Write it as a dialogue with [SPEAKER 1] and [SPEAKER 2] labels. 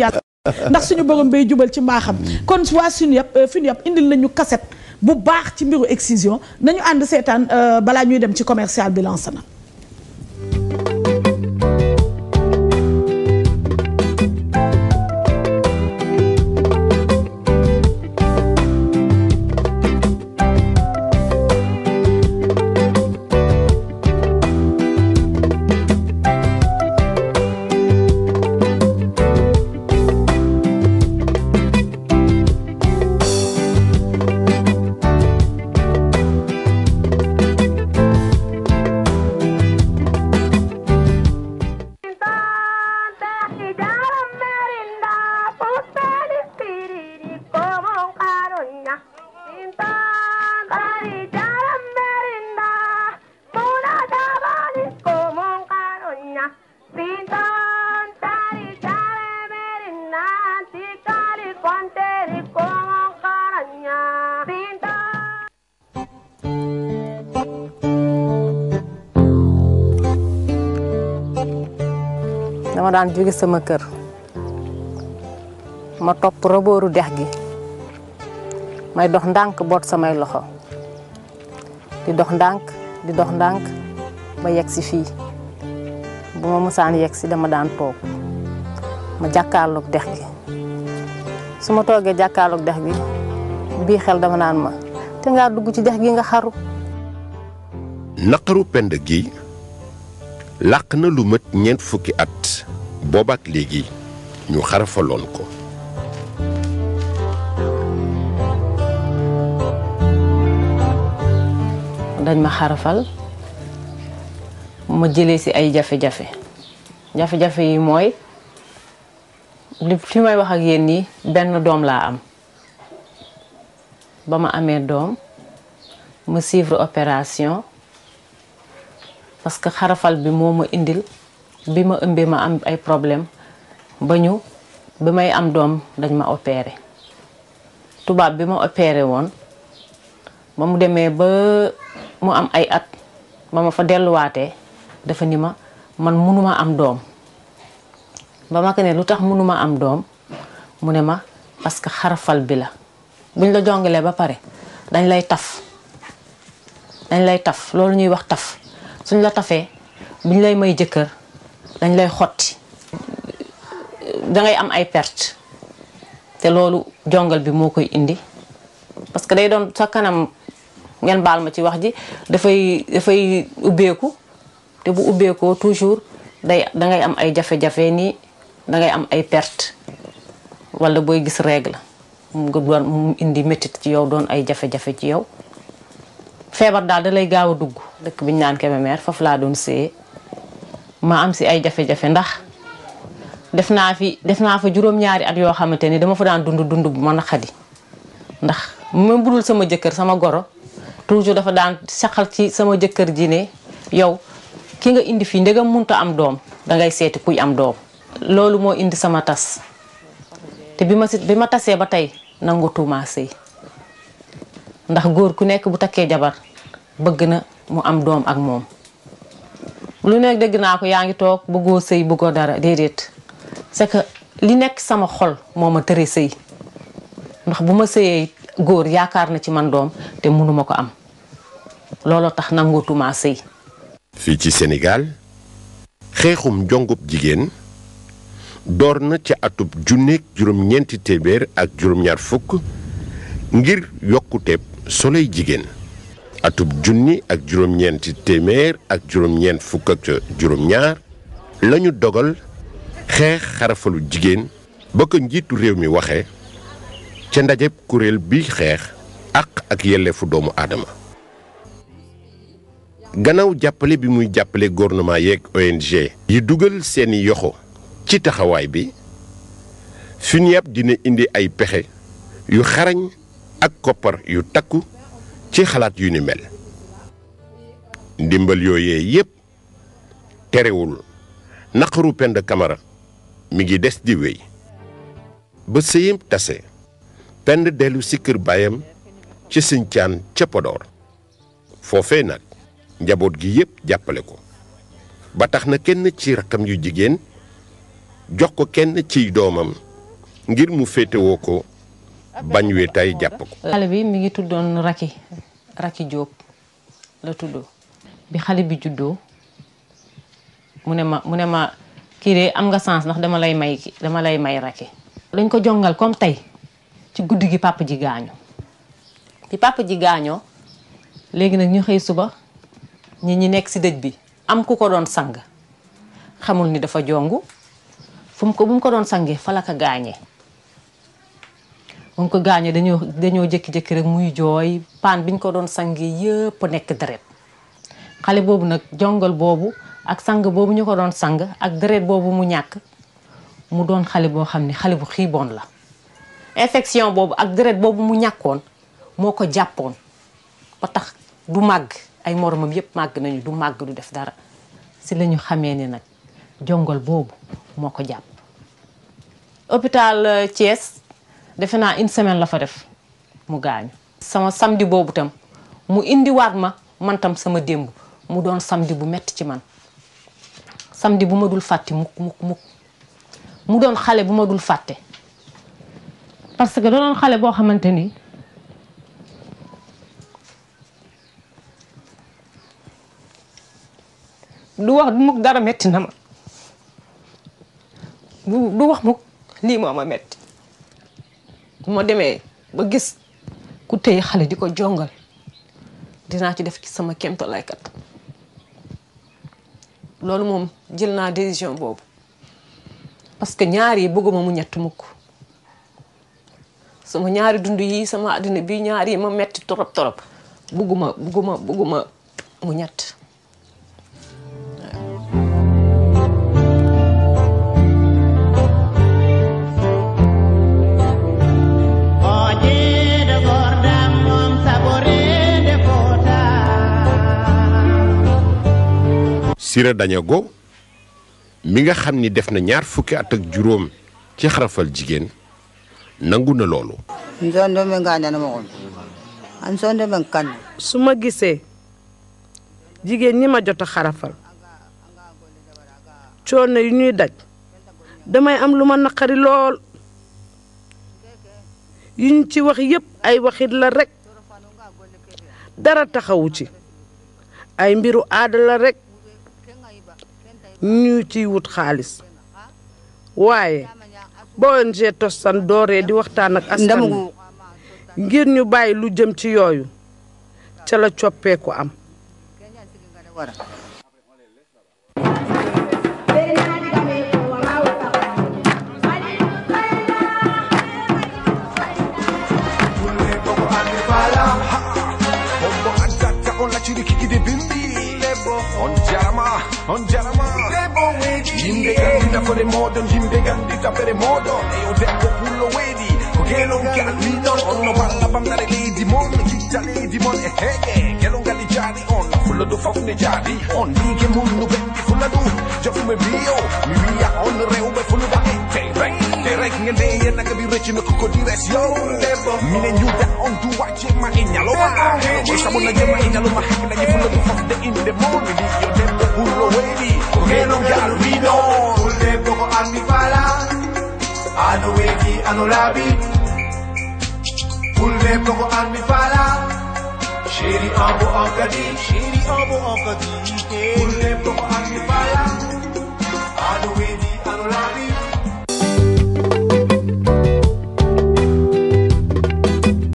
[SPEAKER 1] yàlla ndax suñu borom bay jubal ci mbaaxam kon waa suñu yàpp euh, fi ñu yàpp indil nañu kaset bu baax ci mbiru excision nañu ànd seetaan euh, balaa ñuy dem ci commercial bi lancé na dama daan jóge sama kër ma topp rabooru dex gi may dox ndànk boot samay loxo di dox ndànk di dox ndànk ba yegg si fii bu ma mosaan yegg si dama daan toog ma jàkkaarloog dex gi su ma toogee jàkkaarloog dex gi bii xel dama naan ma te ngaa dugg ci dex gi nga xaru
[SPEAKER 2] naqaru pend gi làq na lu mat ñeent fukki at boobaak léegi ñu xarafaloon ko
[SPEAKER 1] dañ ma xarafal ma jële ci ay jafe-jafe jafe yi mooy fi may wax ak yéen nii benn doom laa am ba ma amee doom ma suivre opération parce que xarafal bi moo ma indil bi ma ëmbee ma am ay problème ba ñu ba may am doom dañ ma opéré tubaab bi ma opéré woon ba mu demee ba mu am ay at ba ma fa delluwaatee dafa ni ma man munuma am doom ba ma ko ne lu tax munuma am doom mu ne ma parce que xarafal bi la buñ la jongalee ba pare dañ lay taf dañ lay taf loolu ñuy wax taf suñ la tafee buñ lay may jëkkër dañ lay xotti dangay am ay perte te loolu jongal bi moo koy indi parce que day doon sa kanam ngeen baal ma ci wax ji dafay dafay ubbeeku te bu ubbeekoo toujours day dangay am ay jafe nii dangay am ay perte wala booy gis règle mu nga doon mu indi métit ci yow doon ay jafe-jafe ci yow feebar daal da lay gaaw a dugg dëkk bi ñu naan Kébémer foofu laa doon see ma am si ay jafe-jafe ndax def naa fi def naa fa juróom-ñaari at yoo xamante ni dama fa daan dund dund bu ma naqadi ndax même budul sama jëkkër sama goro toujours dafa daan saxal ci sama jëkkër ji ne yow ki nga indi fi ndegam munta am doom dangay seeti kuy am doom loolu moo indi sama tas te bi ma si bi ma tasee ba tey nangu tuuma ndax góor ku nekk bu takkee jabar bëgg na mu am doom ak moom lu nekk dégg naa ko yaa ngi toog bëggoo sëy bëggoo dara déedéet c'est li nekk sama xol moo ma tëree sëy ndax bu ma sëyee góor yaakaar na ci man doom te mënuma ko am looloo tax nangootuma sëy
[SPEAKER 2] fii ci Sénégal xeexum jongub jigéen door na ci atub junneeg juróom-ñeenti téeméer ak juróom-ñaar fukk ngir yokkuteeb soley jigéen atub junni ak juróom-ñeenti téeméer ak juróom-ñeent fukk ak juróom-ñaar la dogal xeex xarafalu jigéen ba ko njiitu réew mi waxee ca ndajeb kuréel bi xeex àq ak yelleefu doomu aadama gannaaw jàppale bi muy jàppale gouvernement yeeg ONG yi dugal seeni yoxo ci taxawaay bi FUNIAB dina indi ay pexe yu xarañ ak koppar yu takku ci xalaat yu ni mel ndimbal yooyee yépp terewul naqaru Penda kamara mi ngi des di wéy ba sëyam tase Penda dellu si kër baayam ci Sinthiane ca Podor foofee nag njaboot gi yépp jàppale ko ba tax na kenn ci rakkam yu jigéen jox ko kenn ciy doomam ngir mu féetewoo ko bañ wi tey jàpp ko.
[SPEAKER 1] xale bi mu ngi tuddoon Raki Raki Diop la tuddoo bi xale bi juddoo mu ne ma mu ne ma kii de am nga sens ndax dama lay may dama lay may Raki. dañ ko jongal kom tey ci guddi gi papa ji gaañu bi papa ji gaañoo léegi nag ñu xëy suba ñi ñi nekk si dëj bi am ku ko doon sang xamul ni dafa jong fu mu ko bu mu ko doon sangee fa la ko gaañee. mu ngi ko gaañee dañoo dañoo jékki-jékki rek muy jooy paan bi ñu ko doon sangee yëpp nekk deret xale boobu nag jongal boobu ak sang boobu ñu ko doon sang ak deret boobu mu ñàkk mu doon xale boo xam ne xale bu xiiboon la infection boobu ak deret boobu mu ñàkkoon moo ko jàppoon ba tax du màgg ay moromam yépp màgg nañu du màgg du def dara si la xamee ni nag jongal boobu moo ko jàpp hôpital euh, Thiès defe naa une semaine la fa def mu gaañu. sama samedi boobu tam mu indiwaat ma man tam sama démb mu doon samedi bu metti ci man samedi bu ma dul fàtte mukk mukk mu doon xale bu ma dul fàtte parce que da doon xale boo xamante ni. du wax mukk dara metti na ma du wax mukk lii moo ma metti bu ma demee ba gis ku téye di ko jongal dinaa ci def ci sama kéemtalaay kat loolu moom jël naa décision boobu parce que ñaar yi bëgguma mu ñett mukk sama ñaari dund yi sama àddina bi ñaar yi ma metti torop torop bëgguma bëgguma bëgguma mu ñett
[SPEAKER 2] Siré Dañago mi nga xam ni def na ñaar fukki at ak juróom ci xarafal jigéen nangu na loolu.
[SPEAKER 1] Ah, su ma gisee jigéen ñi ma jot a xarafal coono yu ñuy daj damay am lu ma naqari lool yuñ ci wax yépp ay waxit la rekk dara taxawu ci ay mbiru aada la rekk. ñu ciy wut xaalis waaye ba ONG Tostan dooree di waxtaan ak askan wi ngir ñu bàyyi lu jëm ci yooyu ca la coppeeku am.
[SPEAKER 2] naftore moɗon yimɓe gandi tapere moɗon eyo debbo pullo weedi ko gelongal minɗon on no balla bamnare leydi mon jitta leydi mon e heeƴe gelongal i jaari on fulla do fafne jaari on ligue mum no ɓenɗi fulla ɗum jofume mbiyo mi wiya on rewɓe fulba e teɓe te rek nge nde yenagabi reccino koko dires yo debbo mine ñuda on duwa jemma e ñaloma aheji sabona jemma e ñaloma hekdañi fulla do fafde inde mon mi wiyo debbo pullo weedi ko gelongal winon and me balance. Ano wegi, ano labi. Pulve ploko and me balance. Shiri ambo angadi. Shiri ambo angadi. Pulve ploko and